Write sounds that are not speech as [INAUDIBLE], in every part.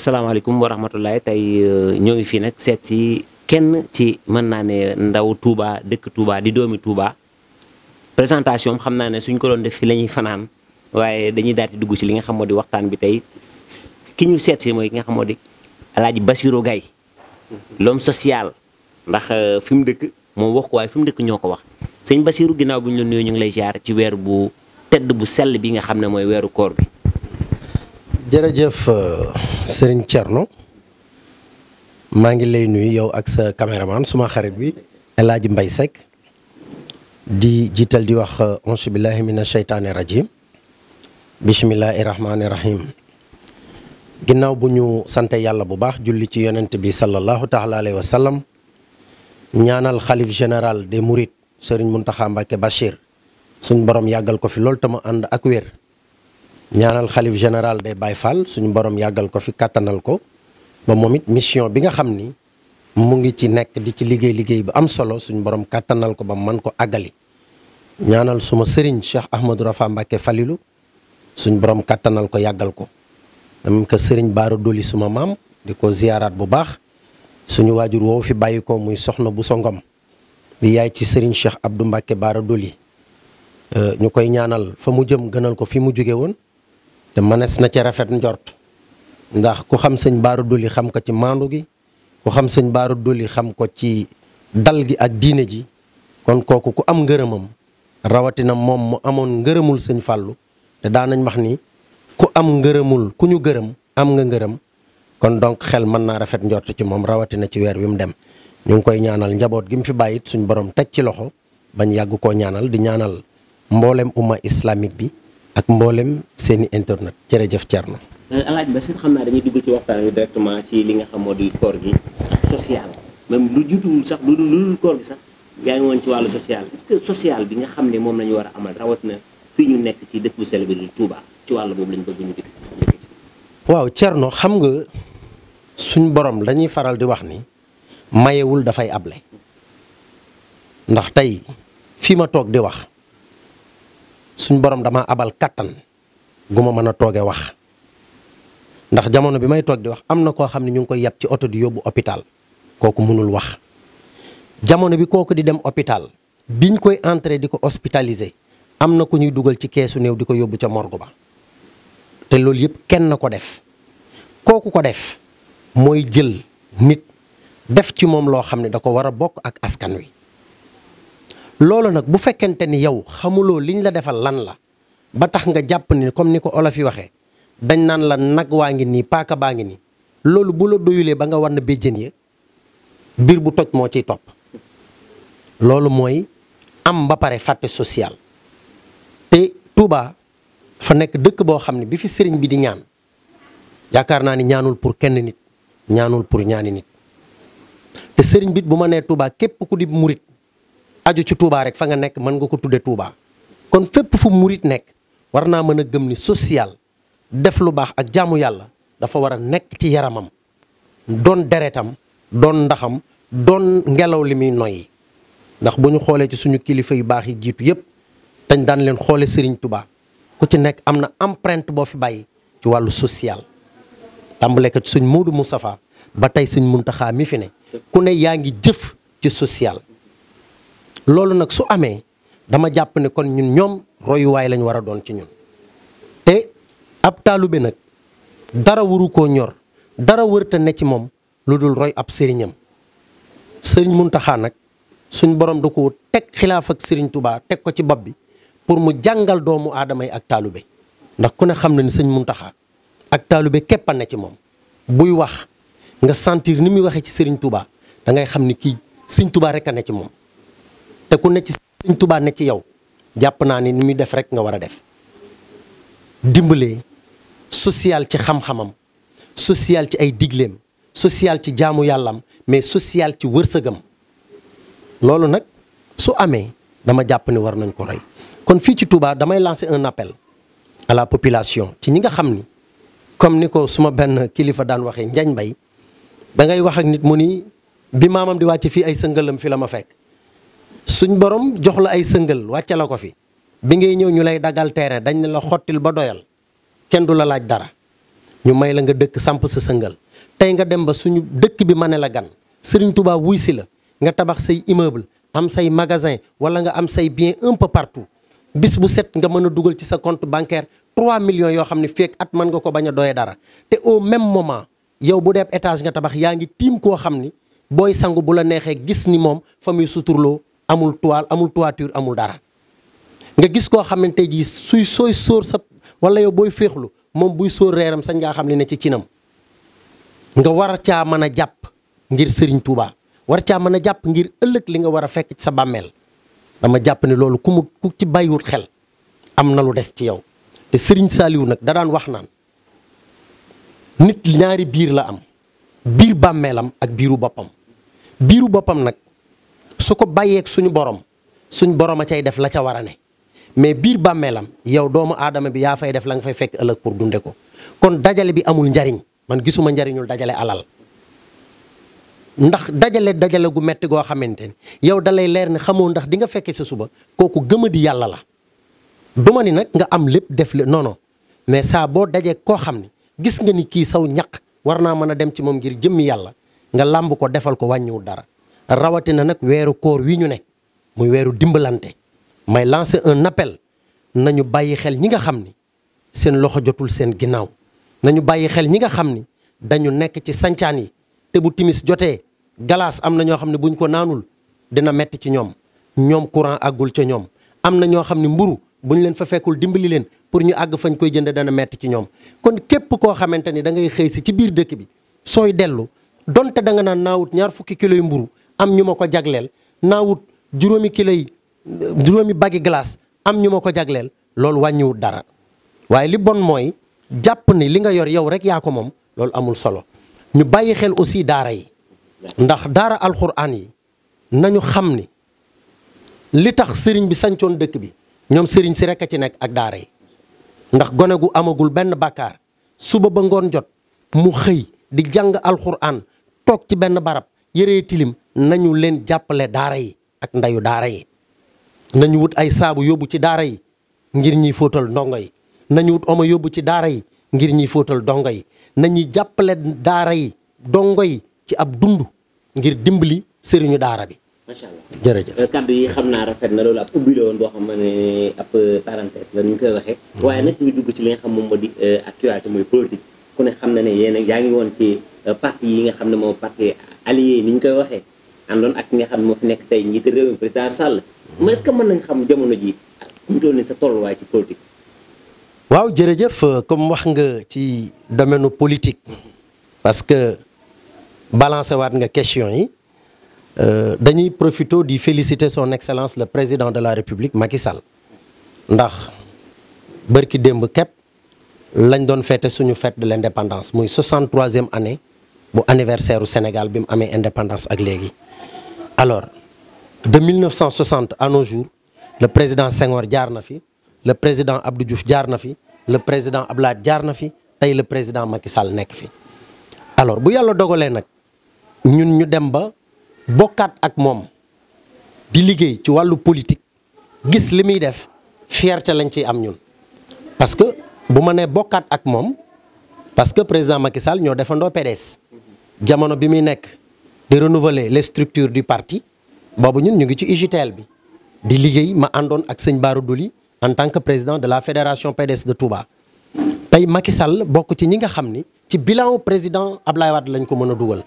salaamaaleykum wa rahmatullahi tey euh, ñoo ngi fii nag seet si kenn ci mën naa ne ndaw tuubaa dëkk Touba di doomi Touba présentation xam naa ne suñ ko doon def fi la ñuy fanaan waaye dañuy daal di dugg ci li nga xam moo di waxtaan bi tey ki ñu seet si mooy ki nga xam moo di Alaaji Bassirou gay loom social ndax euh, fi mu dëkk moo wax ko waaye fi mu dëkk ñoo ko wax sëñ Bassirou ginnaaw bu ñu la nuyoo ñu ngi lay jaar ci weer bu tedd bu sell bi nga xam ne mooy weeru koor bi jërëjëf euh, Serigne Thierno maa ngi lay nuyu yow ak sa caméraman suma xarit bi elaaj mbay Mbaye di jiital di wax euh, auzu min mina sheytaani rajim bismillahi rahmaani rahim ginnaaw bu ñu sante yàlla bu baax julli ci yonent bi sallallahu taala alayhi ñaanal xalif général des Mourides Serigne Mountakha Mbacké Bachir suñ borom yàggal ko fi loolu te mu ànd ak wér ñaanal xalif général des Baye Fall suñu boroom yàggal ko fi kàttanal ko ba moom it mission bi nga xam ni mu ngi ci nekk di ci liggéey liggéey bi am solo suñu boroom kàttanal ko ba man ko àggali. ñaanal suma sëriñ Cheikh Ahmadou Rafa Mbacke falilu suñ borom kàttanal ko yàggal ko même que sëriñ Baara Doli suma maam di ko ziyaaraat bu baax suñu waajur woowu fi bàyyi ko muy soxna bu songom bi yaay ci sëriñ Cheikh Abdou Mbacke Baara Doli euh, ñu koy ñaanal fa mu jëm gënal ko fi mu jóge woon. te mënees na ci rafet njort ndax ku xam sëñ baaru duli xam ko ci maandu gi ku xam sëñ baaru duli xam ko ci dal gi ak diine ji kon kooku ku am ngërëmam rawatina moom mu amoon ngërëmul sëñ fàllu te daanañ wax ni ku am ngërëmul ku ñu gërëm am nga ngërëm kon donc xel man naa rafet njort ci moom rawatina ci weer wi mu dem ñu ngi koy ñaanal njaboot gi mu fi bàyyit suñ borom teg ci loxo bañ yàgg koo ñaanal di ñaanal mboolem umma islamique bi ak mboolem seeni internet jërëjëf Thierno. Euh, Alaaji Mbassine xam naa dañuy dugg ci waxtaan wi directement ci li nga xam moo di koor gi ak même lu jutuwul sax lu sax yaa ngi ci wàllu social social bi nga xam ne moom la war a amal rawatina fii ñu nekk ci dëkk bu sell bi di Touba ci wàll boobu lañ bëgg ñu dikk. waaw Thierno xam nga suñ borom dañuy faral di wax ni mayewul dafay able ndax tey fii ma toog di wax. suñ borom dama abal kàttan gu ma mën a tooge wax ndax jamono bi may toog di wax am na koo xam ne ñu ngi koy yàpp ci oto di yóbbu hôpital kooku mënul wax jamono bi kooku di dem hôpital biñ koy entrer di ko hospitaliser am na ku ñuy dugal ci keesu néew di ko yóbbu ca morgo ba te loolu yëpp kenn ko def kooku ko def mooy jël nit def ci moom loo xam ne da ko war a bokk ak askan wi loolu nag bu fekkente ni yow xamuloo liñ la defal lan la ba tax nga jàpp ni comme ni ko olof yi waxee dañ naan la nag waa ngi nii paaka baa ngi nii loolu bu la doyulee ba nga war na béjjën ya biir bu toj moo ciy topp loolu mooy am ba pare fàtte social te Touba fa nekk dëkk boo xam ne bi fi sëriñ bi di ñaan yaakaar naa ni ñaanul pour kenn nit ñaanul pour ñaani nit te sëriñ bit bu ma nee Touba képp ku di murit aju ci Touba rek fa nga nekk mën nga ko tudde Touba kon fépp fu murit nekk war naa mën a gëm ni social def lu baax ak jaamu yàlla dafa war a nekk ci yaramam doon deretam doon ndaxam doon ngelaw li muy noyyi ndax bu ñu xoolee ci suñu kilifa yu baax yi jiitu yépp dañ daan leen xoole sëriñ Touba ku ci nekk am na empreinte boo fi bàyyi ci wàllu social tàmbale ci suñ Modou Moustapha ba tey suñ Muntaxa mi fi ne ku ne yaa ngi jëf ci social loolu nag su amee dama jàpp ne kon ñun ñoom royuwaay lañ war a doon ci ñun te ab taalibe nag dara waru koo ñor dara wërta ne ci moom lu dul roy ab sëriñam sëriñ Muntaxa nag suñ borom du ko teg xilaaf ak sëriñ tubaa teg ko ci bopp bi pour mu jàngal doomu aadama yi ak taalibe ndax ku ne xam na ni sëñ Muntaxa ak taalibe képp a ne ci moom buy wax nga sentir ni muy waxee ci sëriñ tubaa da ngay xam ni kii sëñ tubaa rek a ne ci moom. te ku ne ci Sëriñ Tuubaa ne ci yow jàpp naa ni ni muy def rek nga war a def dimbalee social ci xam social ci ay digleem social ci jaamu yàllam mais social ci wërsëgam loolu nag su amee dama jàpp ni war nañ ko roy kon fii ci Touba damay lancer un appel à population ci ñi nga xam ni comme ni ko suma benn kilifa daan waxee njañ mbay da ngay wax ak nit mu ni bi maamam di wàcc fii ay sëngalam fii la ma fekk suñ borom jox la ay sëngal wàcce la ko fi bi ngay ñëw ñu lay dagal terrain dañ ne la xottil ba doyal kenn du la laaj dara ñu may la nga dëkk samp sa sëngal tey nga dem ba suñu dëkk bi ma ne la gan Serigne Touba wuy si la nga tabax say immeuble am say magasin wala nga am say bien un peu partout bis bu set nga mën a dugal ci sa compte bancaire 3 millions yoo xam ne fekk at mën nga ko bañ a doye dara te au même moment yow bu dee étage nga tabax yaa ngi tiim koo xam ni booy sangu bu la neexee gis ni moom fa suturloo amul toile amul toiture amul dara nga gis koo xamante ji suy sooy sóor sa wala yow booy féexlu moom buy sóor reeram sañ ngaa xam ne ne ci cinam nga war caa mën a jàpp ngir sëriñ Touba war caa mën a jàpp ngir ëllëg li nga war a fekk ci sa bàmmeel dama jàpp ne loolu ku mu ku ci bàyyiwut xel am na lu des ci yow te sëriñ Saliou nag da daan wax naan nit ñaari biir la am biir bàmmeelam ak biiru boppam biiru boppam nag su ko bàyyeeg suñu borom suñu borom a cay def la ca war a ne mais biir bàmmeelam yow doomu aadama bi yaa fay def la nga fay fekk ëllëg pour dunde ko kon dajale bi amul njariñ man gisuma njariñul dajale alal ndax dajale dajale gu metti goo xamante ni yow da lay leer ne xamoo ndax di nga fekke sa suba kooku gëma di yàlla la duma ni nag nga am lépp def li non mais saa boo dajee koo xam ne gis nga ni kii saw ñaq war naa mën a dem ci moom ngir jëmmi yàlla nga làmb ko defal ko wàññiwul dara rawatina nag weeru koor wi ñu ne muy weeru dimbalante may lancer un na ñu bàyyi xel ñi nga xam ni seen loxo jotul seen ginnaaw nañu bàyyi xel ñi nga xam ni dañu nekk ci sancaan yi te bu timis jotee galaas am na ñoo xam ne buñ ko naanul dina metti ci ñoom ñoom courant àggul ca ñoom am na ñoo xam ne mburu buñ leen fa fekkul dimbali leen pour ñu àgg fañ koy jënd dana metti ci ñoom kon képp koo xamante ni da ngay xëy si ci biir dëkk bi sooy dellu donte da nga naan naawut ñaar fukki kilo yu mburu am ñu ma ko jagleel naawut wut juróomi kilo yi juróomi bagi glace am ñu ma ko jagleel loolu wàññiwut dara waaye li bon mooy jàpp ni li nga yor yow rek yaa ko moom loolu amul solo ñu bàyyi xel aussi daara yi ndax daara alxuraan yi nañu xam ni li tax sëriñ bi sancoon dëkk bi ñoom sëriñ si rek a ci nekk ak daara yi ndax gone gu amagul benn bàkkaar suba ba ngoon jot mu xëy di jàng alxuraan toog ci benn barab yëre tilim nañu leen jàppale daara yi ak ndeyu daara yi nañu wut ay saabu yóbbu ci daara yi ngir ñuy fóotal ndongo yi nañu wut omo yóbbu ci daara yi ngir ñuy fóotal dongo yi nañuy jàppale daara yi dongo yi ci ab dund ngir dimbali sëriñu daara bi. macha allah jërëjëf euh, kàddu yi xam naa rafet na loolu ab ubbi la woon boo xam ne ab euh, parenthèse la ñu koy waxee. Mm-hmm. waaye nag ñu dugg ci li nga xam moom moo di euh, actualité mooy ku ne xam na ne yéen yaa ngi woon ci yi nga xam ne moom parti allié yi ñu koy waxee. àndoon ak nga xam nekk tey njiitu réew mi président Sall. mais mm-hmm. est-ce mën nañ xam jamono ji ak mu doon ni sa tolluwaay ci politique. waaw jërëjëf euh, comme wax nga ci domaine politique parce que balancé waat nga question yi euh, dañuy profité di féliciter son excellence le président de la république Macky Sall ndax bërki démb képp lañ doon fête suñu fête de l'indépendance muy 63e année bu anniversaire Sénégal bi mu amee indépendance ak léegi. alors de 1960 à nos jour le président Senghor jaar na fi le président Abdou Diouf jaar na fi le président Abdoulaye jaar na fi tey le président Macky Sall nekk fi alors bu yàlla dogalee nag ñun ñu dem ba bokkaat ak moom di liggéey ci wàllu politique gis li muy def fierté lañ ciy am ñun parce que bu ma nee bokkaat ak moom parce que président Macky Sall ñoo defandoo PDS jamono bi muy nekk. di renouveler les structures du parti boobu ñun ñu ngi ci UGTL bi di liggéey ma àndoon ak sëñ Bara Dolly en tant que président de la fédération PDS de Touba. tey Macky Sall bokk ci ñi nga xam ni ci bilan président Ablaye Wade lañ ko mën a dugal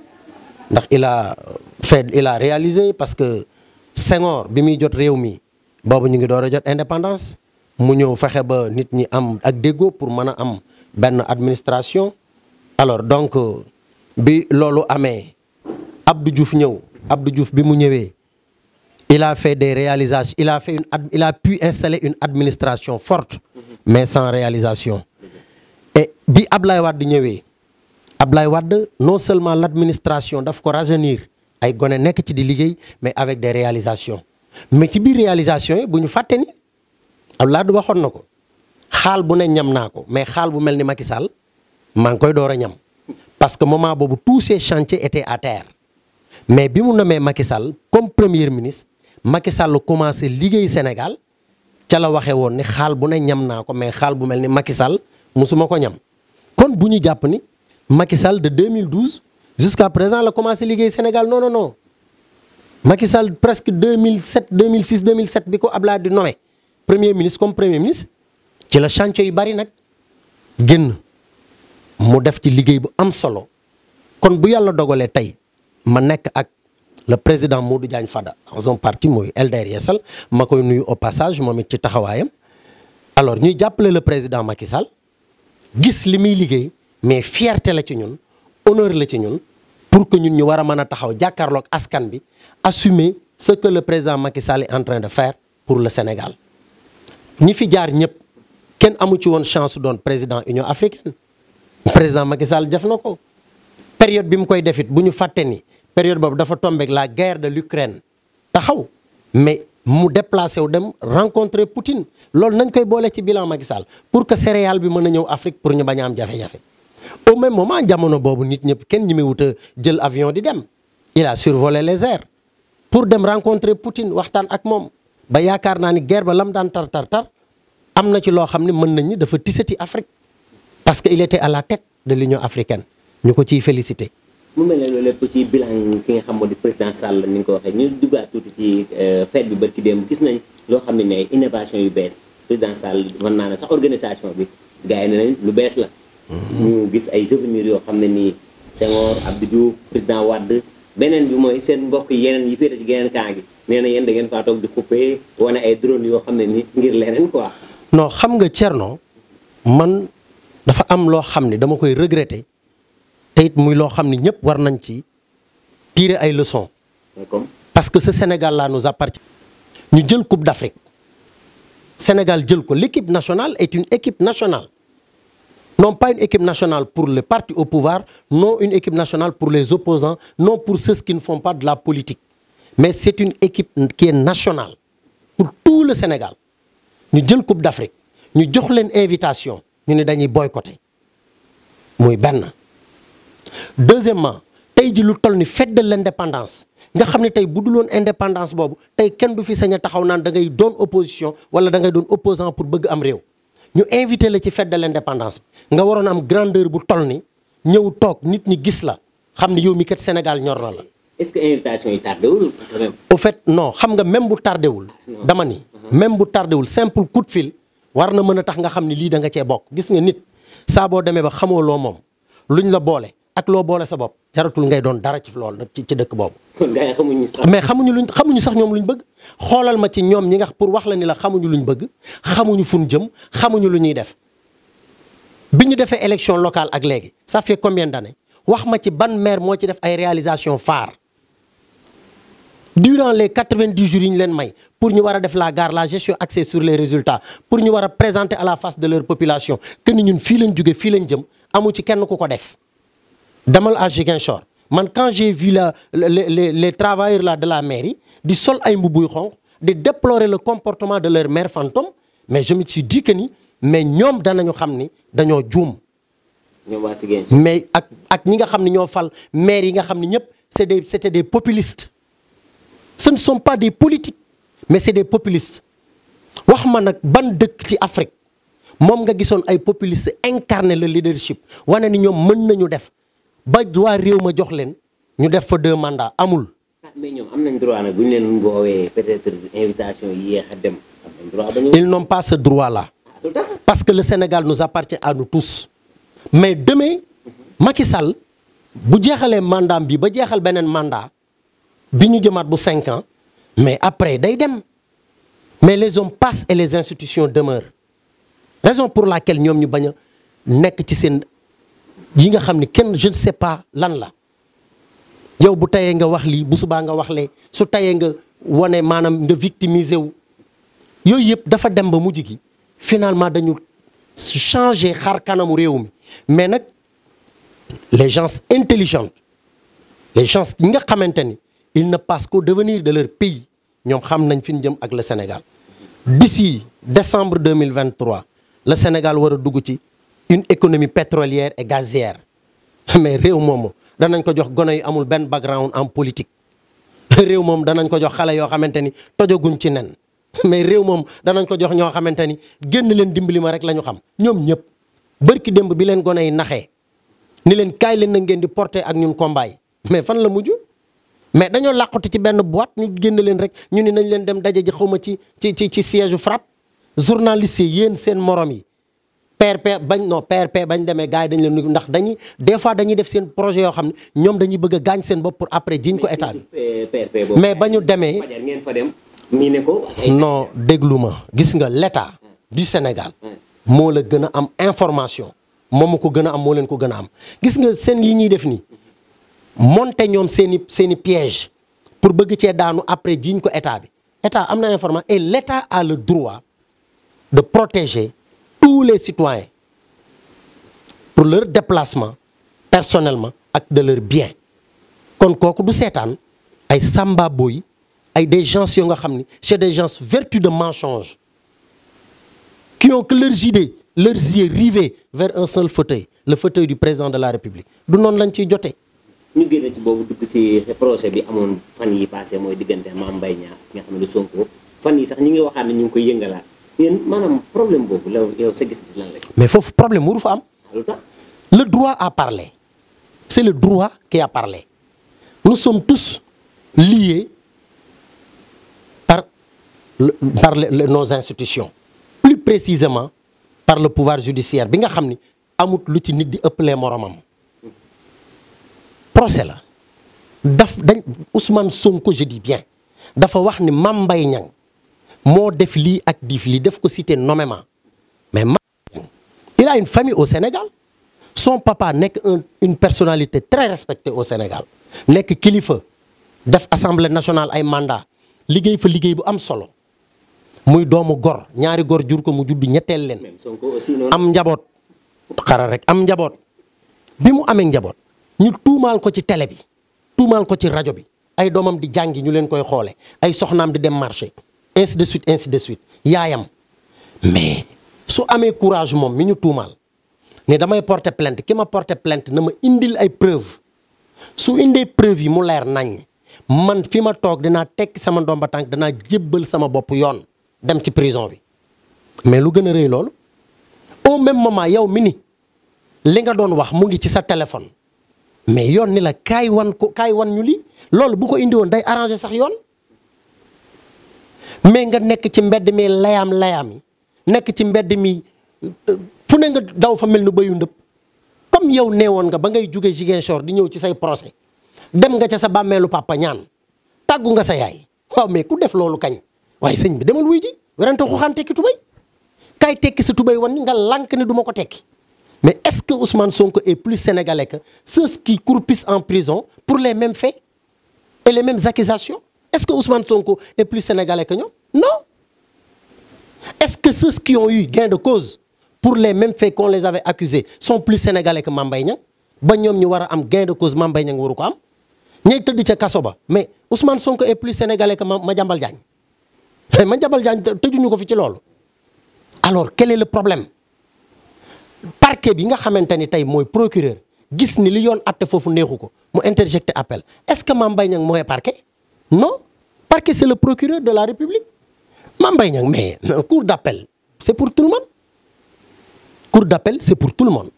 ndax il a euh, fait il a réalisé parce que Senghor bi muy jot réew mi boobu ñu ngi door a jot indépendance mu ñëw fexe ba nit ñi am ak déggoo pour mën a am benn administration alors donc euh, bi loolu amee. Abdou Diouf ñëw Abdou Diouf bi mu ñëwee il a fait des réalisations il a fait une ad il a pu installer une administration forte mais sans réalisation et bi Ablaye Wade ñëwee Ablaye Wade non seulement l'administration daf ko rajeunir ay gone nekk ci di liggéey mais avec des réalisation mais ci biir réalisation yi bu ñu fàtte ni Ablaye Wade waxoon na ko xaal bu ne ñam naa ko mais xaal bu mel ni Macky Sall maa ngi koy door a ñam parce que moment boobu tous ces chantiers étaient à terre mais bi mu nommé Macky Sall comme premier ministre Macky Sall commencé liggéey Sénégal ca la waxee woon ni xaal bu ne ñam naa ko mais xaal bu mel ni Macky Sall musuma ko ñam kon bu ñu jàpp ni Macky Sall de 2012 jusqu'à présent la commencé liggéey Sénégal non non non Macky Sall presque 2007 2006 2007 bi ko Abdoulaye di nommé premier ministre comme premier ministre ci la chantier yu bari nag génn mu def ci liggéey bu am solo kon bu yàlla dogalee tey ma nekk ak le président du Diagne Fada en partie mooy LDR Yeesal ma koy nuyu au passage moom it ci taxawaayam alors ñuy jàppale le président Macky Sall gis li muy liggéey mais fierte la ci ñun honneur la ci ñun pour que ñun ñu war a mën a taxaw jàkkaarloog askan bi assumer ce que le président Macky Sall est en de faire pour le Sénégal ñi fi jaar ñëpp kenn amu ci woon chance doon président Union africaine président Macky def na ko période bi mu koy defit bu ñu fàtte ni période boobu dafa tombeek la guerre de l'Ukraine taxaw mais mu déplacé wu dem rencontrer Poutine loolu nañ koy boole ci bilan Macky Sall pour que céréale bi mën a ñëw Afrique pour ñu bañ am jafe-jafe au même moment jamono boobu nit ñëpp kenn ñi muy wut jël avion di dem il a survolé les airs pour dem rencontrer Poutine waxtaan ak moom ba yaakaar naa ni guerre ba lam daan tar tar tar am na ci loo xam ne mën nañ ni dafa tisati Afrique parce que il était à la tête de l'Union africaine ñu ko ciy félicité mu mel ne loolu lépp ci bilan ki nga xam moo di président Sall ni nga ko waxee ñu duggaat tuuti ci euh, fête bi barki démb gis nañ loo xam ne ne innovation yu bees président Sall mën naa ne sax organisation bi gars yi ne nañ lu bees la mm-hmm. gis ay souvenirs yoo xam ne nii Senghor Abdou Diouf président Wade beneen bi mooy seen mbokk yeneen yi féete ci gi nee na yéen da ngeen faa toog di xuppee wane ay drone yoo xam ne ni ngir leneen quoi noo xam nga Thierno man dafa am loo xam ne dama koy regretter te it muy loo xam ne ñëpp war nañ ci tiire ay leçons. parce que ce Sénégal là nous ñu jël coupe d'Afrique Sénégal jël ko l'équipe nationale est une équipe nationale non pas une équipe nationale pour les partis au pouvoir non une équipe nationale pour les opposants non pour ceux qui ne font pas de la politique mais c'est une équipe qui est nationale pour tout le Sénégal ñu jël coupe d'Afrique ñu jox leen invitation ñu ne dañuy boycotter muy benn. deuxièmement tey ji lu toll ni fête de l'indépendance nga xam ne tey bu dul loon indépendance boobu tey kenn du fi sañ a taxaw naan da ngay doon opposition wala da ngay doon opposant pour bëgg am réew ñu invité la ci fête de l'indépendance bi nga waroon am grandeur bu toll ni ñëw toog nit ñi gis la xam ne yow mi kat Sénégal ñor na la. est-ce que invitation yi tardewul xam nga même bu tardewul dama ni uh-huh. même bu tardewul simple coup de fil war na mën a tax nga xam ne lii da nga cee bokk gis nga nit saa boo demee ba loo moom luñ la boole. ak loo boole sa bopp jaratul ngay doon dara ci loolu ci ci dëkk boobu. mais xamuñu luñ xamuñu sax ñoom luñ bëgg. xoolal ma ci ñoom ñi nga pour wax la ni la xamuñu luñ bëgg xamuñu fu ñu jëm xamuñu lu ñuy def bi ñu defee élection locale ak léegi ça fait combien d'années wax ma ci ban maire moo ci def ay réalisation phare durant les quatre-vingt-dix jours yi ñu leen may pour ñu war a def la gare la gestion axée sur les résultats pour ñu war a présenter à la face de leur population que fii lañ jóge fii lañ jëm amu ci kenn ku ko def. demal à Ziguinchor man quand j'ai vu le les les les travailleurs là de la mairie di sol ay mbubuy xonq di déplorer le comportement de leur maire fantôme mais je ci suis ni mais ñoom danañu xam ni dañoo juum. mais ak ak ñi nga xam ne ñoo fal maire yi nga xam ne ñëpp c'est des c'était des populistes ce ne sont pas des politiques mais c'est des populistes wax ma nag ban dëkk ci Afrique moom nga gisoon ay populistes incarner le leadership wane ni ñoom mën nañu def. ba waa réew ma jox leen ñu def fa deux mandats amul. Ah, mais ñoom am nañ droit bu ñu leen woowee peut invitation yéex a dem am nañ droit ba ñu. Ah, parce que le Sénégal nous appartient à nous tous. mais demain Macky Sall bu jeexalee mandat bi ba jeexal beneen mandat bi ñu jëmaat bu cinq ans mais après day dem mais les hommes passent et les institutions demeurent raison pour la laquelle ñoom ñu bañ a nekk ci seen. yi nga xam ne kenn je ne sais pas lan la yow bu tayee nga wax lii bu subaa nga wax lee su tayee nga wane maanaam nga victimiser wu yooyu yëpp dafa dem ba mujj gi finalement dañu changer xar kanamu réew mi mais nag les gens intelligents les gens yi nga xamante ni ils ne pensent qu'au devenir de leur pays ñoom xam nañ fi ñu jëm ak le Sénégal d'ici décembre 2023 le Sénégal war a dugg ci une économie pétrolière et gazière mais réew moomu danañ ko jox gone yu amul benn background en politique réew moom danañ ko jox xale yoo xamante ni tojoguñ ci nen mais réew moom danañ ko jox ñoo xamante ni génn leen dimbali ma rek la ñu xam ñoom ñëpp bërki démb bi leen gone yi naxee ni leen kaay leen na ngeen di porté ak ñun combat mais fan la mujj mais dañoo làqatu ci benn boit ñu génn leen rek ñu ni nañ leen dem daje ji xaw ci ci ci ci siège frappe journaliste yéen seen morom yi PRP bañ noo PRP bañ demee gars yi dañ leen ndax dañuy des fois dañuy def seen projet yoo xam ne ñoom dañuy bëgg a gaañ seen bopp pour après jiñ ko état bi mais ba ñu demee noo déglu ma gis nga l'état mm. du Sénégal mm. moo la gën a am information moom ko gën a am moo leen ko gën a am gis nga seen yi ñuy def nii monter ñoom seen i seen i piège pour bëgg cee daanu après jiñ ko état bi état am na information et l'état à le droit de protéger tous les citoyens pour leur déplacement personnellement ak de leur bien kon kooku du seetaan ay samba booy ay des gens yoo nga xam ni c'est des gens vertu de mensonge qui ont que leurs idées leurs yeux rivés vers un seul fauteuil le fauteuil du président de la république du noonu lañ ciy jotee. ñu génne ci boobu dugg ci procès bi amoon fan yi passé mooy diggante Mame Mbaye Niang nga xam ne Sonko fan yi sax ñu ngi waxaat ne ñu ngi koy yëngalaat. mais foofu problème waru fa am. le droit à parler c'est le droit qui a parlé nous sommes tous liés par le, par le, le, nos institutions plus précisément par le pouvoir judiciaire bi nga xam ni amut lu ci nit di ëppalee moromam procès la daf dañ Ousmane Sonko je dis bien dafa wax ni Mame Mbaye Niang moo def lii ak diif lii def ko cité nommément mais ma a une famille au Sénégal son papa nekk un une personnalité très respecté au Sénégal nekk kilifa def assemblée national ay mandat liggéey fa liggéey bu am solo muy doomu gor ñaari gor jur ko mu judd ñetteel leen am njaboot xaral rek am njaboot bi mu amee njaboot ñu tuumaal ko ci tele bi tuumaal ko ci rajo bi ay doomam di jàngi ñu leen koy xoole ay soxnaam di dem marché ainsi de suite ainsi de suite yaayam mais su amee courage moom mi ñu tuumaal ni damay porter plainte ki ma porter plainte na ma indil ay preuve su indee preuve yi mu leer nañ man fi ma toog dinaa tekki sama ndomba tànk danaa jébbal sama bopp yoon dem ci prison bi mais lu gën a rëy loolu au même moment yow mi ni li nga doon wax mu ngi ci sa téléphone mais yoon ni la kaay wan ko kaay wan ñu li loolu bu ko indi woon day arrangé sax yoon mais nga nekk ci mbedd mi layaam layaam yi nekk ci mbedd mi euh, fu ne nga daw fa mel ni béyu ndëpp comme yow nee woon nga ba ngay jóge Ziguinchor di ñëw ci say procès dem nga ca sa bàmmeelu papa ñaan tàggu nga sa yaay waaw mais ku def loolu kañ waaye sëñ bi demal wuy ji werante xuxaan tekki tubay kaay tekki sa tubéy wan ni nga lank ne duma ko tekki mais est-ce que Ousmane Sonko et plus sénégalais que ceux qui croupissent en prison pour les mêmes faits et les Est-ce que Ousmane Sonko est plus sénégalais que ñoom non est-ce que ceux qui ont eu gain de cause pour les mêmes faits qu'on les avait accusés son plus sénégalais que Mame Mbaye ba ñoom ñu war a am gain de cause Mame Mbaye waru ko am ñay tëdd ca kaso ba mais Ousmane Sonko est plus sénégalais que Madiambal Diagne Madiambal Diagne tëjuñu ko fi ci loolu alors quel est le problème parquet bi nga xamante ni tey mooy procureur gis ni li yoon atte foofu neexu ko mu interjecté appel est-ce que Mame Mbaye Niang mooy parquet non parce que c'est le procureur de la République Mame Mbaye Niang mais d'appel c'est pour tout le monde cour d'appel c'est pour tout le monde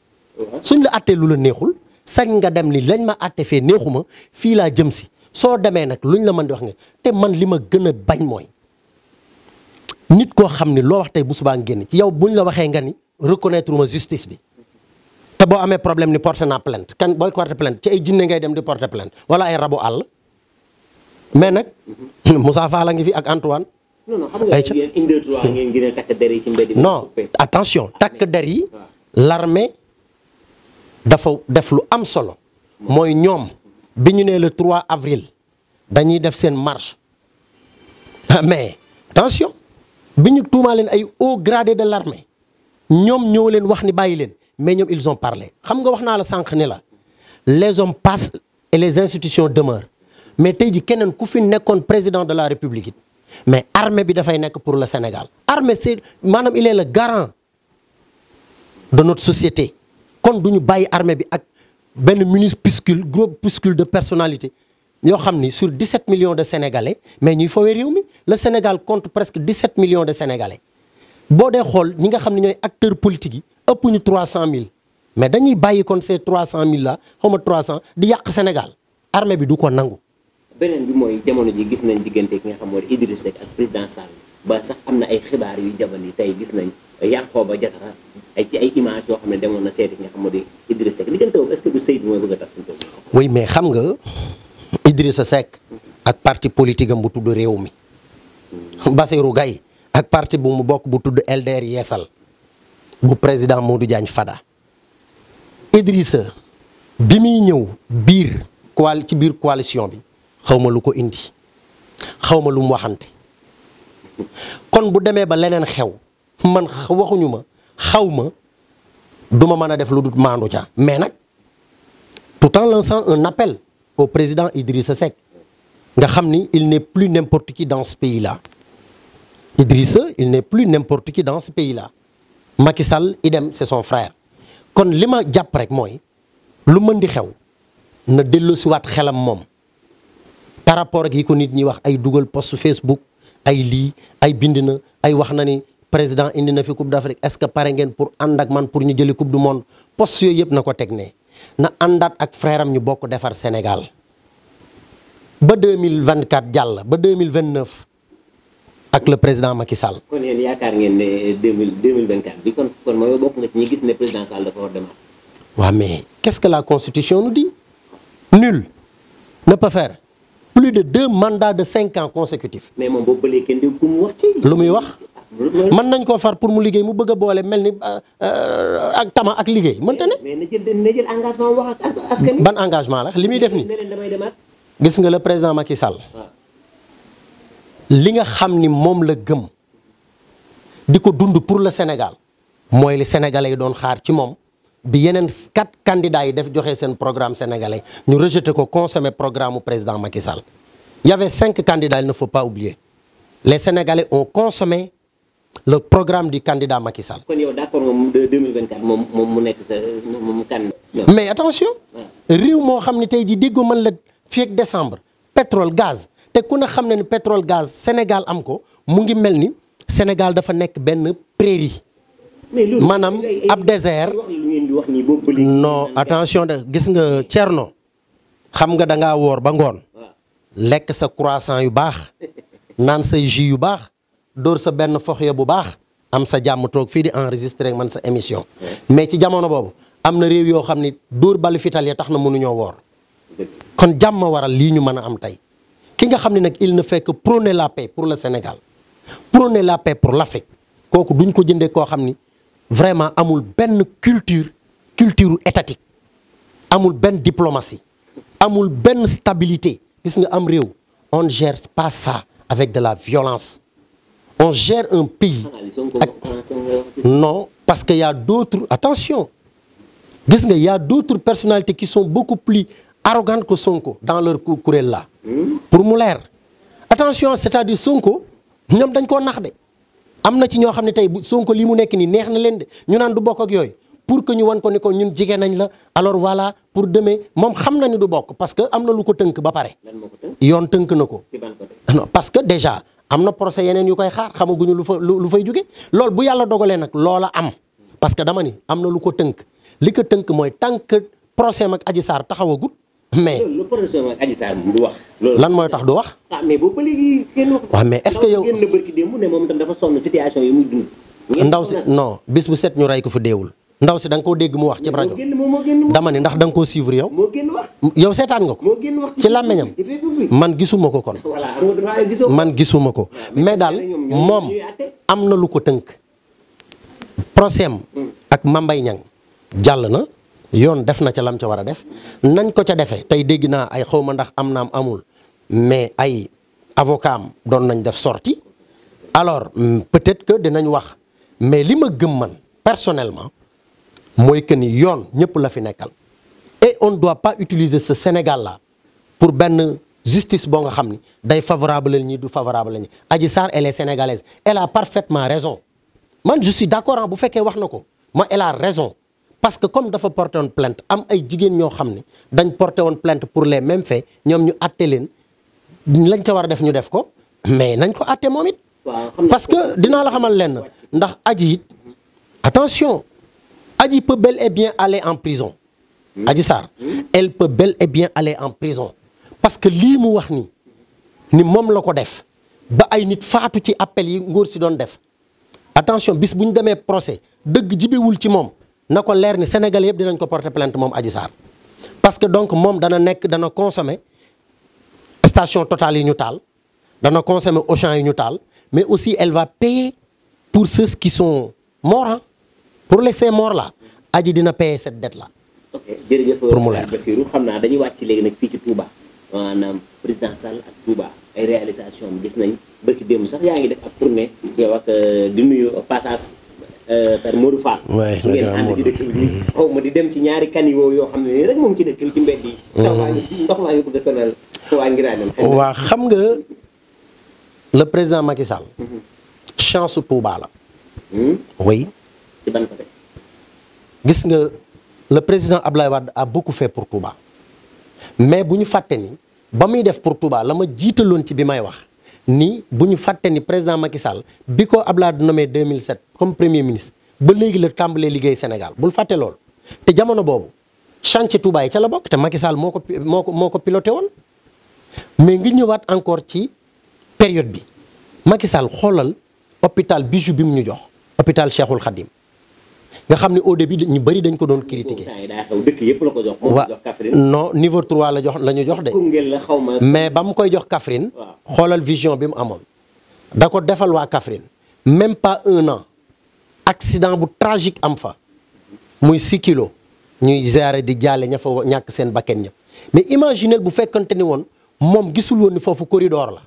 suñ la attee lu la neexul sañ nga dem ni lañ ma atte fee ma fii laa jëm si soo demee nag luñ la mën di wax nga te man li ma gën a bañ mooy nit koo xam ni loo wax tey bu subaa nga génn ci yow buñ la waxee nga ni reconnaître ma justice bi te boo amee problème ni porté naa plainte kan booy porté plainte ci ay jinne ngay dem di porté plainte wala ay rabu àll mais nag [LAUGHS] Moussa Fall a ngi fi ak Antoine. non non xam nga yéen a takk non attention takk der yi dafa def lu am solo mooy ñoom bi ñu nee le 3 avril dañuy def seen marche ah, mais attention bi ñu tuumaa leen ay haut gradé de l'armée ñoom ñëw leen wax ni bàyyi leen mais ñoom ils ont parlé xam nga wax naa la sànq ne la les hommes passent et les institutions demeurent mais tey ji keneen ku fi nekkoon président de la république it mais armée bi dafay nekk pour le Sénégal armée maanaam il le garant de notre société kon du ñu bàyyi armée bi ak benn minuscule groupuscule de personnalité yoo xam ni sur 17 millions de sénégalais mais ñuy fowee réew mi le Sénégal compte presque 17 millions de sénégalais boo dee xool ñi nga xam ne ñooy acteurs politiques yi ëpp ñu 300000 mais dañuy bàyyi kon ces 300000 là xaw ma 300 di yàq Sénégal armée bi du ko nangu. beneen bi mooy jamono ji gis nañ diggante ki nga xam mooy Idriss Seck ak président Sall ba sax am na ay xibaar yu jamono yi tey gis nañ Yankhoba Diattara ay ci ay image yoo xam ne demoon na seeti ki nga xam mooy Idriss Seck diggante boobu est-ce que du mais xam nga Idrissa Seck ak parti politique bu tudd réew mi Bassirou gay ak parti bu mu bokk bu tudd LDR Yeesal bu président du Diagne Fada Idrissa bi muy ñëw biir coal ci biir coalition bi xaw ma lu ko indi xaw ma lu mu waxante kon bu demee ba leneen xew man waxuñu ma xaw ma du mën a def lu dul maandu ca mais nag tout en lançant un appel au président Idrissa Seck nga xam ni il n'est plus n'importe qui dans ce pays là Idrissa il n'est plus n'importe qui dans ce pays là Macky Sall idem c'est son frère kon li ma jàpp rek mooy lu mën di xew na dellu siwaat xelam moom par rapport ak yi ko nit ñi wax ay dugal post Facebook ay lii ay bind na ay wax na ni président indi na fi coupe d'Afrique est-ce que pare ngeen pour ànd ak man pour ñu jëli coupe du monde post yooyu yëpp na ko teg ne na àndaat ak frère am ñu bokk defar Sénégal ba 2024 jàll ba 2029 ak le président Macky Sall. kon yéen yaakaar ngeen ne 2024 bi kon kon mooy bokk nga ci ñi gis ne président Sall dafa war a waaw mais qu'est-ce que la constitution nous dit nul ne peut faire plus de deux mandats de cinq ans consécutifs. mais lu muy wax. mën nañ koo far pour mu liggéey mu bëgg a boole mel ni euh, euh, ak tama ak liggéey mënta ne. mais na engagement ban engagement la li muy def nii. gis nga la président Macky Sall. Ah. li nga xam ni moom la gëm. di ko dund pour le Sénégal. mooy li sénégalais doon xaar ci moom. bi yeneen quatre candidats yi def joxe seen programme sénégalais ñu rejeté ko consommé programme président Macky Sall y avait cinq candidats il ne faut pas oublier les sénégalais on consommé le programme di candidat Macky Sall. kon yow d'accord mu nekk sa mais attention. réew moo xam ne tey jii diggu mën la fii ak décembre pétrole gaz te ku ne xam ne ni pétrole gaz Sénégal am ko mu ngi mel ni Sénégal dafa nekk benn prairie. maanaam ab désert non attention de gis nga cerno xam nga da woor ba ngoon lekk sa croissant yu baax naan sa jus yu baax dóor sa benn foxya bu baax am sa jàmm toog fii di enregistré man sa émission mais ci jamono boobu am na réew yoo xam ni dóor bali fital ya tax na mënuñoo woor kon jàmm waral lii ñu mën a am tey ki nga xam ne nag il na fekk que prôner la paix pour le Sénégal prôner la paix pour l'Afrique kooku duñ ko jëndee koo xam ni vraiment amul benn culture culture étatique amul benn diplomatie amul benn stabilité gis nga am réew on ne gère pas ça avec de la violence on gère un pays ak non parce que y a d'autres attention gis nga y a d'autres personnalités qui sont beaucoup plus arrogantes que Sonko dans leur kuréel la hmm? pour mu leer attention c'est-à-dire Sonko ñoom dañ koo nax de am na ci ñoo xam ne tey bu Sonko li mu nekk nii neex na leen de ñu naan du bokkak ak yooyu pour que ñu wan ko ni ko ñu jigee nañ la alors voilà pour demee moom xam na ni du bokk parce que am na lu ko tënk ba pare. yoon tënk na ko. parce que déjà am na procès yeneen yu koy xaar xamaguñu lu fa lu fay jóge loolu bu yàlla dogalee nag loola am parce que dama ni am na lu ko tënk li ko tënk mooy tant que procès am ak Adji Sarr taxawagut mais le professeur Adji Sarr lan mooy tax du wax. ah mais wax. waaw est ce que yow génn barki démb ndaw si no bis bu set ñu rey ko fu deewul. ndaw si da nga koo dégg mu wax ci rajo dama ni ndax da nga koo suivre yow. yow seetaan nga ko. ci làmmeñam man gisuma ko kon. man gisuma ko mais daal moom am na lu ko tënk. procès hmm. ak Mambay Niang jàll na. yoon def na ca lam ca war a def nañ ko ca defee tey dégg naa ay xawma ndax am naa naam amul mais ay avocat am doon nañ def sorti alors hmm, peut-être que dinañ wax mais li ma gëm man personnellement mooy que ni yoon ñëpp la fi nekkal et on ne doit pas utiliser sa Sénégal là pour benn justice boo nga xam ni day favorable ñi du favorable la ñi Adji Sarr elle est sénégalaise elle a parfaitement raison man je suis d'accord bu fekkee wax na ko ma elle a raison parce que comme dafa porté woon plainte am ay jigéen ñoo xam ne dañ porté woon plainte pour les mêmes faits ñoom ñu àtte leen lañ ca war a def ñu def ko mais nañ ko àtte moom it. parce que dinaa la xamal lenn ndax aji it attention aji peut bel et bien aller en prison. Hmm. aji Sarr hmm. elle peut bel et bien aller en prison parce que lii mu wax ni ni moom la ko def ba ay nit faatu ci appel yi ngoor si doon def attention bis bu demee procès dëgg jibewul ci moom. na ko leer ni Sénégal yëpp dinañ ko porter plainte moom Adji Sarr parce que donc moom dana nekk dana consommer station Total yi ñu taal dana consommer Auchan yi ñu taal mais aussi elle va pour ceux qui sont morts pour les ces morts là Adji dina payer set det la ok jërëjëf pour mu leer Bassirou xam naa dañuy wàcc léegi nag fii ci Touba maanaam président Sall ak Touba ay réalisation gis nañ bërki démb sax yaa ngi def ab tournée euh, di nuyu passage. Euh, père Modou Fall. Mm-hmm. waay ma di dem ci ñaari caniveau yoo xam ne rek moom ci dëkk bi ci mbedd yi. Mm-hmm. taw waa xam nga le président Macky Sall. Mm-hmm. chance su Touba la. oui. gis nga le président Abdoulaye Wade a beaucoup fait pour Touba mais bu ñu fàtte ni ba muy def pour Touba la ma jiitaloon ci bi may wax. ni bu ñu fàtte ni président Macky Sall bi ko Abdoulaye nommé 2007 comme premier ministre ba léegi la tàmbalee liggéey Sénégal bul fàtte loolu te jamono boobu chantier Touba ca la bokk te Macky Sall moo ko moo ko moo ko piloté woon mais ngi ñëwaat encore ci période bi Macky xoolal hôpital Bijou bi mu ñu jox hôpital Cheikhul Khadim nga xam ne au début ñu bëri dañ ko doon critiquer. wa non niveau 3 la jox la ñu jox de. mais ba mu koy jox Kaffrine. xoolal vision bi mu amoon. da ko defal waa kafrin même pas un an. accident bu tragique am fa. muy 6 kilos. ñuy ziare di jaale ña fa ñàkk seen bakken ñëpp. mais imaginez bu fekkante ni woon moom gisul woon ni foofu corridor la.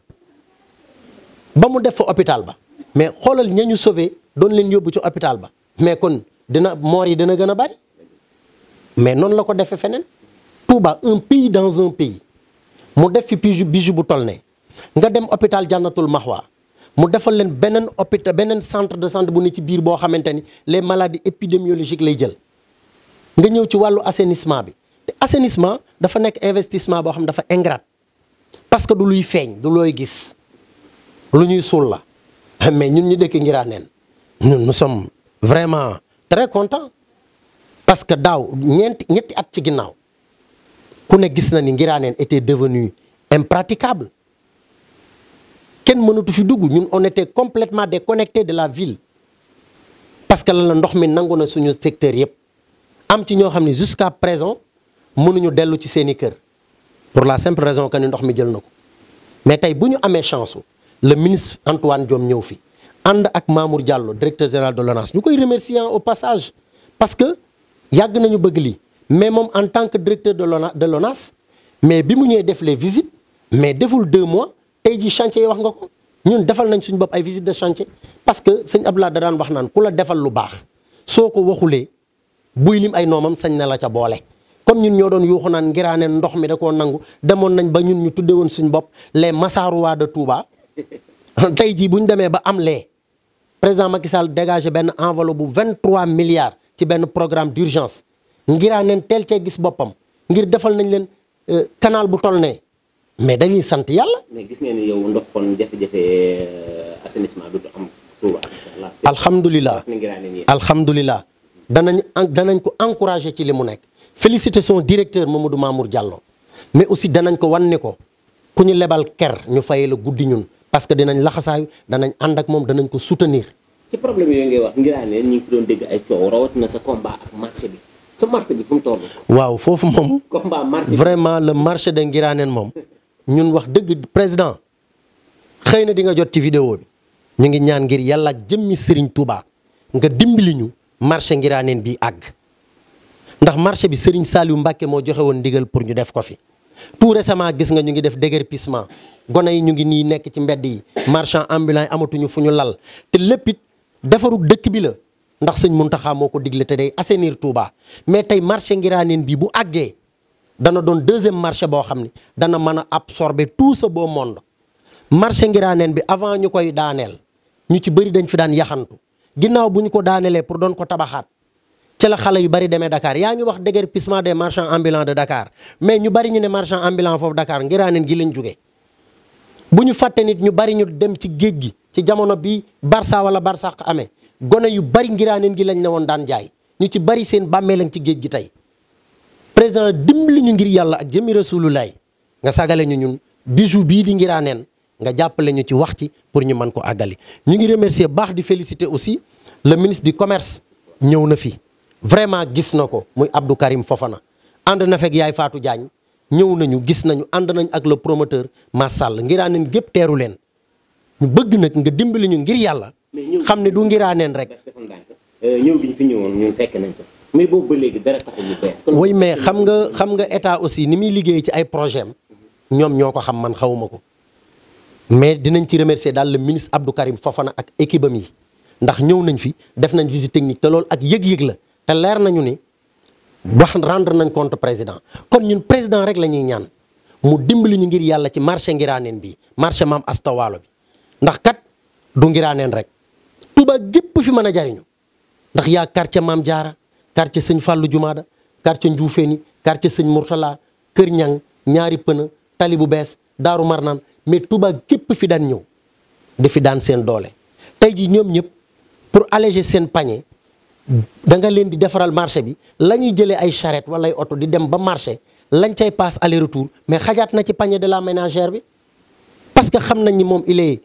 ba mu def fa hôpital ba. mais xoolal ña ñu sauvé doon leen yóbbu ci hôpital ba. mais kon. dina moor yi dina gën a bari mais noonu la ko defee feneen Touba un pays dans un pays mu def fi bijou bijou bu toll ne nga dem hôpital Jannatul Mahwa mu defal leen beneen hôpital beneen centre de santé bu ne ci biir boo xamante ni les maladies épidémiologiques lay jël nga ñëw ci wàllu assainissement bi te assainissement dafa nekk investissement boo xam dafa ingrat parce que du luy feeñ du looy gis lu ñuy suul la [LAUGHS] mais ñun ñu dëkk Ngiraneen ñun nous sommes vraiment très content parce que daaw ñeenti ñetti at ci ginnaaw ku ne gis na ni Ngiraaneen était devenu impraticable kenn mënatu fi dugg ñun on était complètement déconnecté de la ville parce que lan la ndox mi nangu na suñu secteur yëpp am ci ñoo xam ne jusqu'à présent mënuñu dellu ci seeni kër pour la simple raison que ni ndox mi jël na ko mais tey bu ñu amee chance le ministre Antoine Diome ñëw fi ànd ak Mamour Diallo directeur général de l'ONAS ñu koy remercier au passage parce que yàgg nañu bëgg lii mais moom en tant que directeur de l'ONAS de l'ONAS mais bi mu ñëwee def les visites mais deful deux mois tey jii chantier yi wax nga ko ñun defal nañ suñ bopp ay visites de chantier parce que sëñ Abdoulaye da daan wax naan ku la defal lu baax soo ko waxulee buy lim ay noomam sañ na la ca boole. comme ñun ñoo doon yuuxu naan ngiraane ndox mi da koo nangu demoon nañ ba ñun ñu tudde woon suñu bopp les masaaruwaa de Touba [LAUGHS] tey jii bu ñu demee ba am lee président Macky Sall dégagé benn enveloppe bu 23 milliards ci benn programme d'urgence ngiraa neen teel cee gis boppam ngir defal nañ leen kanaal euh, bu toll ne mais dañuy sant yàlla. mais gis ngeen ni yow ndox kon jafe-jafe euh, danañ danañ ko encouragé ci li mu nekk félicitations directeur Mamadou Mamour jàlloo mais aussi danañ ko wan ne ko ku ñu lebal ker ñu fayee la guddi ñun. parce que dinañ laxasaayu danañ ànd ak moom danañ ko soutenir. ci problème yooyu ngay wax ngiraan ne ñu ngi fi doon dégg ay coow rawatina sa combat ak marché bi sa marché bi fu mu waaw foofu moom. [LAUGHS] combat vraiment la marché de Ngiraaneen moom [LAUGHS] ñun wax dëgg président xëy na di nga jot ci vidéo bi ñu ngi ñaan ngir yàlla ak jëmmi sëriñ Touba nga dimbali ñu marché Ngiraaneen bi àgg ndax marché bi Serigne Saliou Mbacke moo joxe woon ndigal pour ñu def ko fi tout récemment gis nga ñu ngi def déguerpissement gone yi ñu ngi nii nekk ci mbedd yi marchand ambulant amatuñu fu ñu lal te lépp it defarug dëkk bi la ndax sëñ Muntaxa moo ko digle te day assainir Touba mais tey marché Ngiraaneen bii bu àggee dana doon deuxième marché boo xam ne dana mën a absorber tout ce beau monde marché Ngiraaneen bi avant ñu koy daaneel ñu ci bëri dañ fi daan yaxantu ginnaaw bu ñu ko daaneelee pour doon ko tabaxaat ci la xale yu bari demee Dakar yaa ngi wax déguerpissement des marchands ambulants de Dakar mais ñu bari ñu ne marchand ambulant foofu Dakar Ngiraaneen gi lañ jóge bu ñu fàtte nit ñu bari ñu dem ci géej gi ci jamono bi Barça wala Barsaq amee gone yu bari ngiraaneen gi lañ ne woon daan jaay ñu ci bari seen bàmmeelañ ci géej gi tey président li ñu ngir yàlla ak jëmi rasulullaay nga sagale ñu ñun bijou bii di ngiraaneen nga jàppale ñu ci wax ci pour ñu mën ko àggali ñu ngi remercier baax di féliciter aussi le ministre du commerce ñëw na fi vraiment gis na ko muy Abdou Karim Fofana ànd na fekk yaay faatu Diagne ñëw nañu gis nañu ànd nañ ak le promoteur Mass Sall ngiraaneen gépp teeru leen ñu bëgg nag nga dimbali ñu ngir yàlla. xam ne du ngiraaneen rek. Euh, ñëw mais xam nga xam nga état aussi ni muy liggéey ci ay projet ñoom ñoo ko xam man xawuma ko mais dinañ ci remercier daal le ministre Abdou Karim Fofana ak équipe yi ndax ñëw nañ fi def nañ fi si technique te loolu ak yëg-yëg la te leer nañu ni. wax rendre nañ compte président kon ñun président rek la ñuy ñaan mu dimbali ñu ngir yàlla ci marché ngiraaneen bii marché maam astawaalo bi ndax kat du ngiraaneen rek Touba gépp fi mën a jariñu ndax yaa quartier maam jaara quartier sëñ fàllu jumaada quartier njuufeeni quartier sëñ murtala kër ñang ñaari pëna tali bu bees daaru marnaan mais Touba gépp fi daan ñëw di fi daan seen doole tey ji ñoom ñëpp pour alléger seen panier da nga leen di defaral marché bi la ñuy jëlee ay charrette wala ay oto di dem ba marché lañ cay paas aller retour mais xajaat na ci pañe de la ménagère bi parce que xam nañ ni moom il est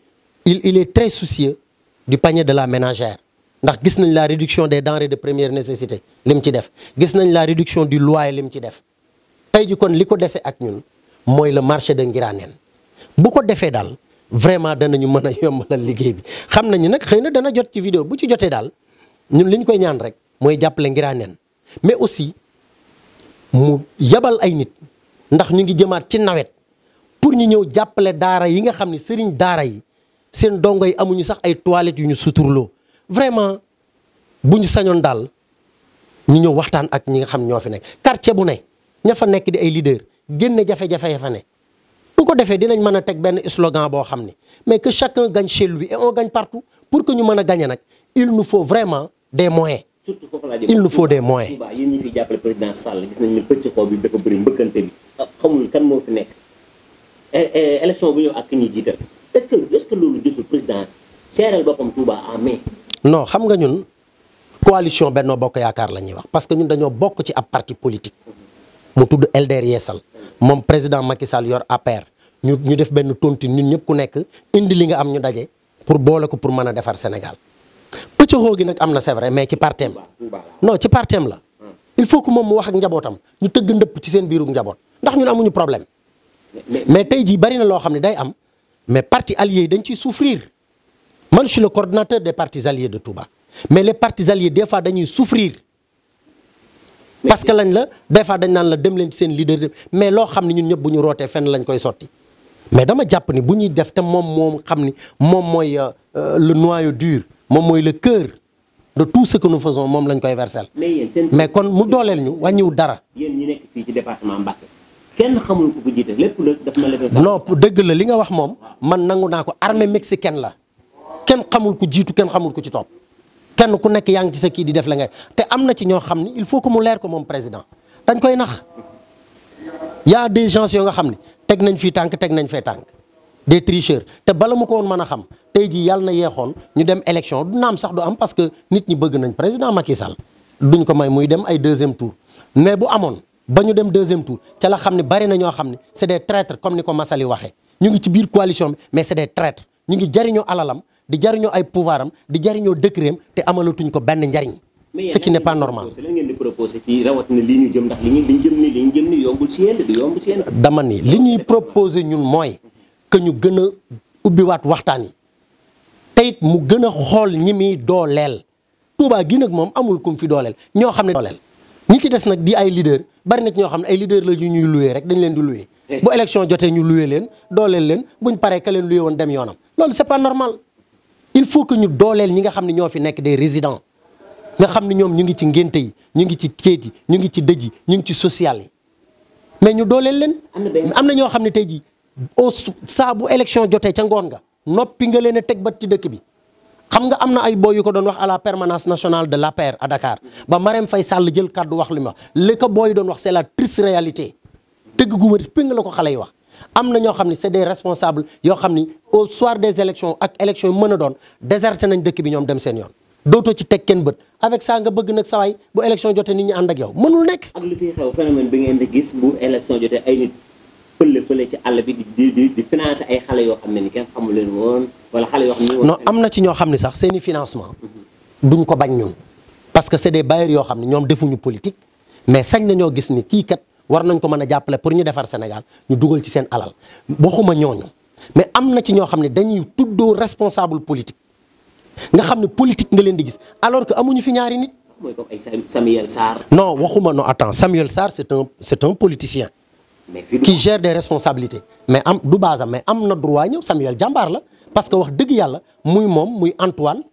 il il est très soucieux du panier de la ménagère ndax gis nañ la réduction des denrées de première nécessité lim ci def gis nañ la réduction du loyer lim ci def tey ji kon li ko dese ak ñun mooy le marché de Ngiraneen bu ko defee daal vraiment danañu mën a yombalal liggéey bi xam nañu nag xëy na dana jot bu ci jotee daal. ñun li ñu koy ñaan rek mooy jàppale Ngiraaneen mais aussi mu yabal ay nit ndax ñu ngi jëmaat ci nawet pour ñu ñëw jàppale daara yi nga xam ni sëriñ daara yi seen dongo yi amuñu sax ay toilettes yu ñu suturloo vraiment bu ñu sañoon daal ñu ñëw waxtaan ak ñi nga xam ñoo fi nekk quartier bu ne ña fa nekk di ay leader génne jafe-jafe fa ne bu ko defee dinañ mën a teg benn slogan boo xam ne mais que chacun gagne chez lui et on gagne partout pour que ñu mën a gagné nag il nous faut vraiment des moyens. surtout foofu laa il nous faut des moyens. Touba président Sall gis nañu ne pëcc xoo bi dafa bëri mbëkkante bi ah, xamul e, e, xam nga ñun coalition Benno Bokk Yaakaar la ñuy wax parce que ñun dañoo bokk ci ab parti politique mu tudd LDR Yeesal moom président Macky Sall yor APR ñu ñu def benn tontine ñun ñëpp ku nekk indi li nga am ñu daje pour boole ko pour mën a defar Sénégal. pëccëxoo gi nag am na c'est mais ci partem non ci partem la il faut que moom mu wax ak njabootam ñu tëgg ndëpp ci seen biiru njaboot ndax ñun amuñu problème mais tey jii bari na loo xam ne day am mais partis alliés dañ ciy souffrir man je suis le coordonnateur des partis de Touba mais les partis alliés des fois dañuy souffrir parce que lañ la des fois dañ naan la dem leen ci seen leader mais loo xam ne ñun ñëpp bu ñu rootee fenn lañ koy sotti mais dama jàpp ni bu ñuy def te moom moom xam ni moom mooy euh, euh, le noyau dur moom mooy le cœur de tout ce que nous moom lañ koy versel mais kon mu dooleel ñu wàññiw dara. yéen ñi nekk département Mbacké kenn xamul ku dëgg la li nga wax moom man nangu naa ko armée mexicaine la kenn xamul ku jiitu kenn xamul ku ci topp kenn ku nekk yaa ngi ci sa kii di def la ngay te am na ci ñoo xam ni il faut que mu leer ko moom président dañ koy nax y a des gens yoo nga xam ni teg nañ fii tànk teg nañ fee tànk. des tricheurs te bala ma ko woon mën a xam tey jii yàlla na yeexoon ñu dem élection du naam sax du am parce que nit ñi bëgg nañ président Macky Sall duñ ko may muy dem ay deuxième tour mais bu amoon ba ñu dem deuxième tour ca la xam ne bari na ñoo xam ne c'est des traîtres comme ni ko Massaly waxee ñu ngi ci biir coalition bi mais c'est des traîtres ñu ngi jariñoo alalam di jariñoo ay pouvoiram di jariñoo décret te amalatuñ ko benn njariñ ce qui n'est pas normal lan ngeen di proposé ci rawatina li ñu li dama ni li ñuy proposé ñun mooy que ñu gën a ubbiwaat waxtaan yi teyit mu gën a xool ñi muy dooleel Touba gi nag moom amul kum fi dooleel ñoo xam ne dooleel ñi ci des nag di ay leader bari nag ñoo xam ne ay leader la ñu ñuy luwee rek dañ leen di loué bu élection jotee ñu loué leen dooleel leen buñ paree ka leen loué woon dem yoonam loolu c'est pas normal il faut que ñu dooleel ñi nga xam ne ñoo fi nekk des résidents nga xam ne ñoom ñu ngi ci ngénte yi ñu ngi ci ceet yi ñu ngi ci dëj yi ñu ngi ci social yi mais ñu dooleel leen na ñoo xam ne tey jii au saa bu élection jotee ca ngoon nga noppi nga leen teg bët ci dëkk bi xam nga am na ay booy yu ko doon wax à la permanence nationale de l'APR à Dakar ba Marème Faye Sall jël kàddu wax li mu wax li ko booy doon wax c'est la triste réalité dëgg gu wër péng la ko xale yi wax. am na ñoo xam ne c'est des responsables yoo xam ni au soir des élections ak élection mën a doon déserté nañ dëkk bi ñoom dem seen yoon dootoo ci teg kenn bët avec ça nga bëgg nag sawaay bu élection jotee nit ñi ànd ak yow mënul nekk. bi ngeen di gis fële fële ci àll bi di di di ay xale yoo xam ne ni kenn xamu leen woon wala xale am na ci ñoo xam ne sax seen i financement. Mhm. duñ ko bañ ñun. parce que c'est des bailleurs yoo xam ne ñoom defuñu politique mais sañ nañoo gis ni kii kat war nañ ko mën a jàppale pour ñu defar Sénégal ñu dugal ci seen alal waxuma ñooñu mais am na ci ñoo xam ne dañuy tuddoo responsable politique nga xam ne politique nga leen di gis alors que amuñu fi ñaari nit. mooy comme ay Samuel Sarr. non waxuma non attends Samuel Sarr c'est un c'est un politicien. qui gère des responsabilités mais am du baasam mais am na droit ñëw Samuel jàmbaar la parce que wax dëgg yàlla muy moom muy Antoine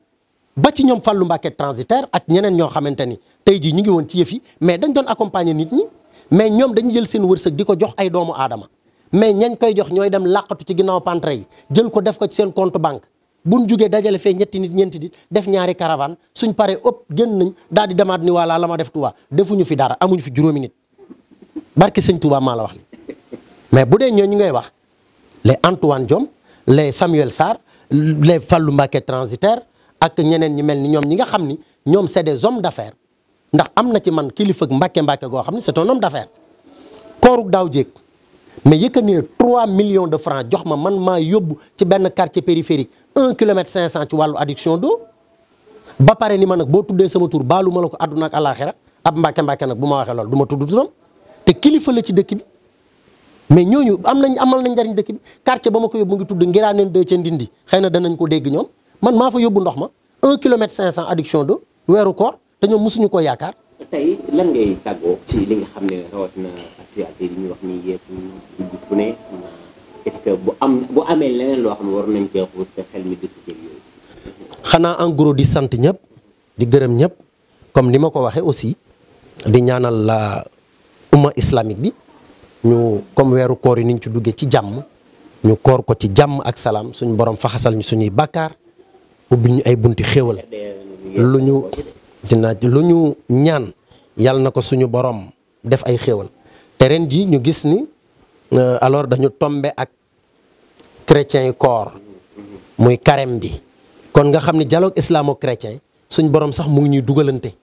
ba ci ñoom Fallou Mbacké transitaire ak ñeneen ñoo xamante ni tey jii ñu ngi woon ci yëf yi mais dañ doon accompagner nit ñi mais ñoom dañu jël seen wërsëg di ko jox ay doomu aadama mais ñañ koy jox ñooy dem làqatu ci ginnaaw pantre yi jël ko def ko ci seen compte banque bu ñu jugee dajale fee ñetti nit ñeenti nit def ñaari caravane suñ paree ëpp génn nañ daal di demaat ni wala la ma def tuwaa defuñu fi dara amuñu fi juróomi barki sëñ Touba maa la wax li mais bu dee ñooñu ngay wax les Antoine jom les Samuel Sarr les Fallou Mbacké transitaire ak ñeneen ñi mel ni ñoom ñi nga xam ni ñoom c'est des hommes d'affaires ndax am na ci man kilifa Mbacké Mbacké goo xam ne c'est un homme d'affaires kooruk daaw jéeg mais yëkkati ne 3 millions de francs jox ma man maa yóbbu ci benn quartier périphérique 1 kilomètre 500 ci wàllu adduction d'eau ba pare ni ma nag boo tuddee sama tur baalu ma la ko àdduna ak àllaaxira ab Mbacké Mbacké nag bu ma waxee loolu du ma tudd te kilifa la ci dëkk bi mais ñooñu am nañ amal nañ njariñ dëkk bi quartier ba ma ko yóbbu ngi tudd Ngiraaneen deux ca Ndindi xëy na danañ ko dégg ñoom man maa fa yóbbu ndox ma un kilomètre cinq cent adduction do weeru koor te ñoom mosuñu ko yaakaar. tey lan ngay tàggoo ci li nga xam ne rawatina actualité yi ñuy wax nii yépp dugg ce que bu am bu amee leneen loo xam ne war xanaa en gros di sant ñëpp di gërëm ñëpp comme ni ma ko waxee aussi di ñaanal la. umma islamique bi ñu comme weeru koor yi niñ ci duggee ci jàmm ñu koor ko ci jàmm ak salaam suñu borom faxasal ñu suñuy bàkkaar ubbi ñu ay bunti xéewal lu ñu dina lu ñu ñaan yàlla na ko suñu borom def ay xéewal te ren ji ñu gis ni euh, alors dañu tombe ak chrétiens yi koor muy carême bi kon nga xam ne dialogue islamo-chrétien suñu borom sax mu ngi ñuy dugalante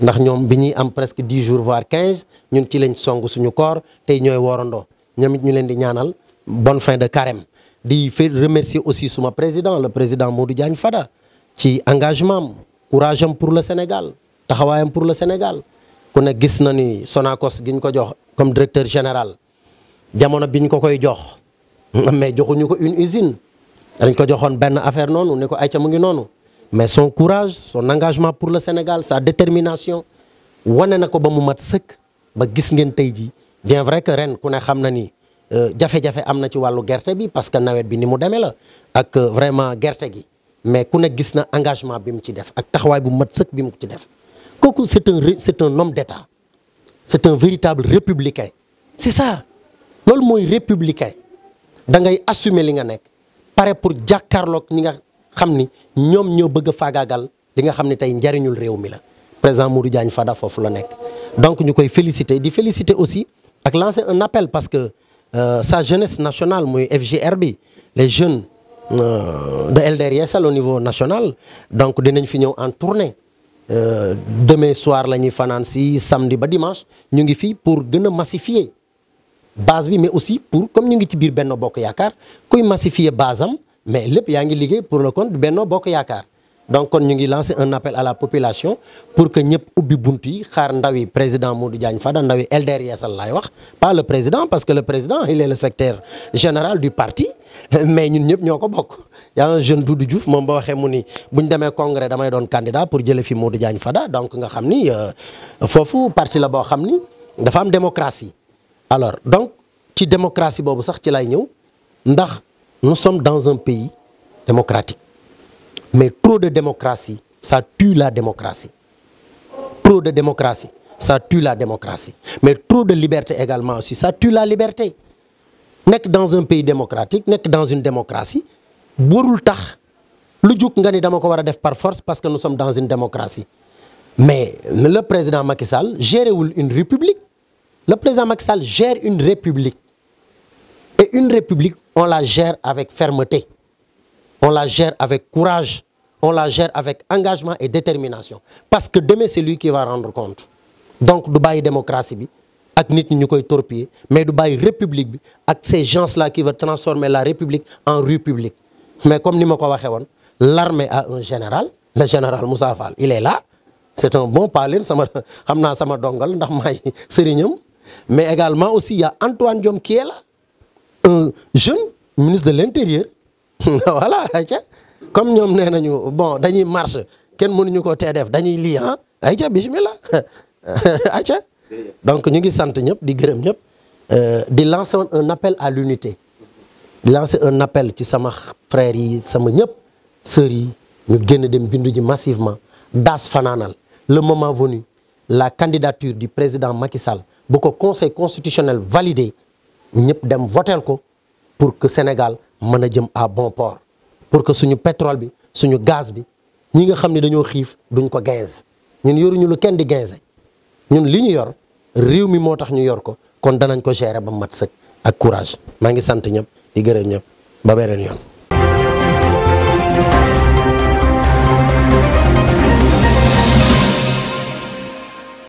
ndax ñoom bi ñuy am presque dix jours voire quinze ñun ci lañ song suñu koor tey ñooy woorandoo ñoom ñu leen di ñaanal bon fin de carême di fa remercier aussi suma président le président Modou Diagne Fada ci engagement am courage pour le Sénégal taxawaayam pour le Sénégal ku ne gis na ni Sonacos gi ko jox comme directeur général jamono biñ ko koy jox [LAUGHS] mais joxuñu ko une usine dañ ko joxoon benn affaire noonu ne ko ayca mu ngi noonu mais son courage son engagement pour le Sénégal sa détermination wane na ko ba mu mat sëkk ba gis ngeen tey ji bien vrai que ren ku ne xam na ni euh, jafe-jafe am na ci wàllu gerte bi parce que nawet bi ni mu demee la ak euh, vraiment gerte gi mais ku ne gis na engagement bi mu ci def ak taxawaay bu mat sëkk bi mu ci def kooku c'est un c'est un homme d'État c'est un véritable républicain c'est ça loolu mooy républicain da ngay assumer li nga nekk pare pour jàkkarlook ñi xam ni ñoom ñoo bëgg a faagaagal li nga xam ne tey njariñul réew mi la président Modou Diagne Fada foofu la nekk donc ñu koy féliciter di féliciter aussi ak lancer un appel parce que euh, sa jeunesse nationale mooy FGR bi les jeunes euh, de LDR au niveau national donc dinañ fi ñëw en tournée euh, demain soir la ñuy fanaan si samedi ba dimanche ñu ngi fi pour gën a massifier base bi mais aussi pour comme ñu ngi ci biir benn Bokk Yaakaar kuy massifier base mais lépp yaa ngi liggéey pour le compte Benno Bokk Yaakaar donc kon ñu ngi lancer un appel à la population pour que ñëpp ubbi bunt yi xaar ndawi président Modou jaañ Fada ndawi LDR Yeesal laay wax pas le président parce que le président il est le secrétaire général du parti mais ñun ñëpp ñoo ko bokk y a un jeune Doudou Diouf moom ba waxee mu ni bu ñu demee congrès damay doon candidat pour jële fi Modou Diagne Fada donc nga xam ni euh, foofu parti la boo xam ni dafa am démocratie alors donc ci démocratie boobu sax ci lay ñëw ndax nous sommes dans un pays démocratique mais trop de démocratie sa tue la démocratie trop de démocratie ça tue la démocratie mais trop de liberté également aussi ça tu la liberté nekk dans un pays démocratique nekk dans une démocratie warul tax lu jug nga ni dama ko war a def par force parce que nous sommes dans une démocratie mais le président Macky Sall wul une république le président Macky Sall gère une république et une république on la gère avec fermeté, on la gère avec courage, on la gère avec engagement et détermination. Parce que demain, c'est lui qui va rendre compte. Donc, Dubaï démocratie, ak nit ñi koy torpiller, mais du Dubaï république bi ak ces gens la qui veulent transformer la république en rue publique. Mais comme ni ma ko waxee woon, l'armée a un général, le général Moussa Fall, il est là. C'est un bon parler, sama xam naa sama dongal ndax maay Mais également aussi il a Antoine Diome qui est là. un jeune ministre de l'intérieur [LAUGHS] voilà ayca comme ñoom nee nañu bon dañuy marche kenn mënuñu ko tee def dañuy lii ah ayca bismillah [LAUGHS] ayca donc ñu ngi sant ñëpp di gërëm ñëpp euh, di lancer woon un appel à l'unité di lancer un appel ci sama frères yi sama ñëpp sœurs yi ñu génn dem bindu ji massivement daas fanaanal le moment venu la candidature du président Macky Sall bu ko conseil constitutionnel validé ñëpp dem voteel ko pour que Sénégal mën a jëm à bon port pour que suñu pétrole bi suñu gaz bi ñi nga xam ne dañoo xiif duñ ko gains ñun yoruñu lu kenn di gains ñun li ñu yor réew mi moo tax ñu yor ko kon danañ ko gérer ba mat sëkk ak courage maa ngi sant ñëpp di gërëm ñëpp ba beneen yoon.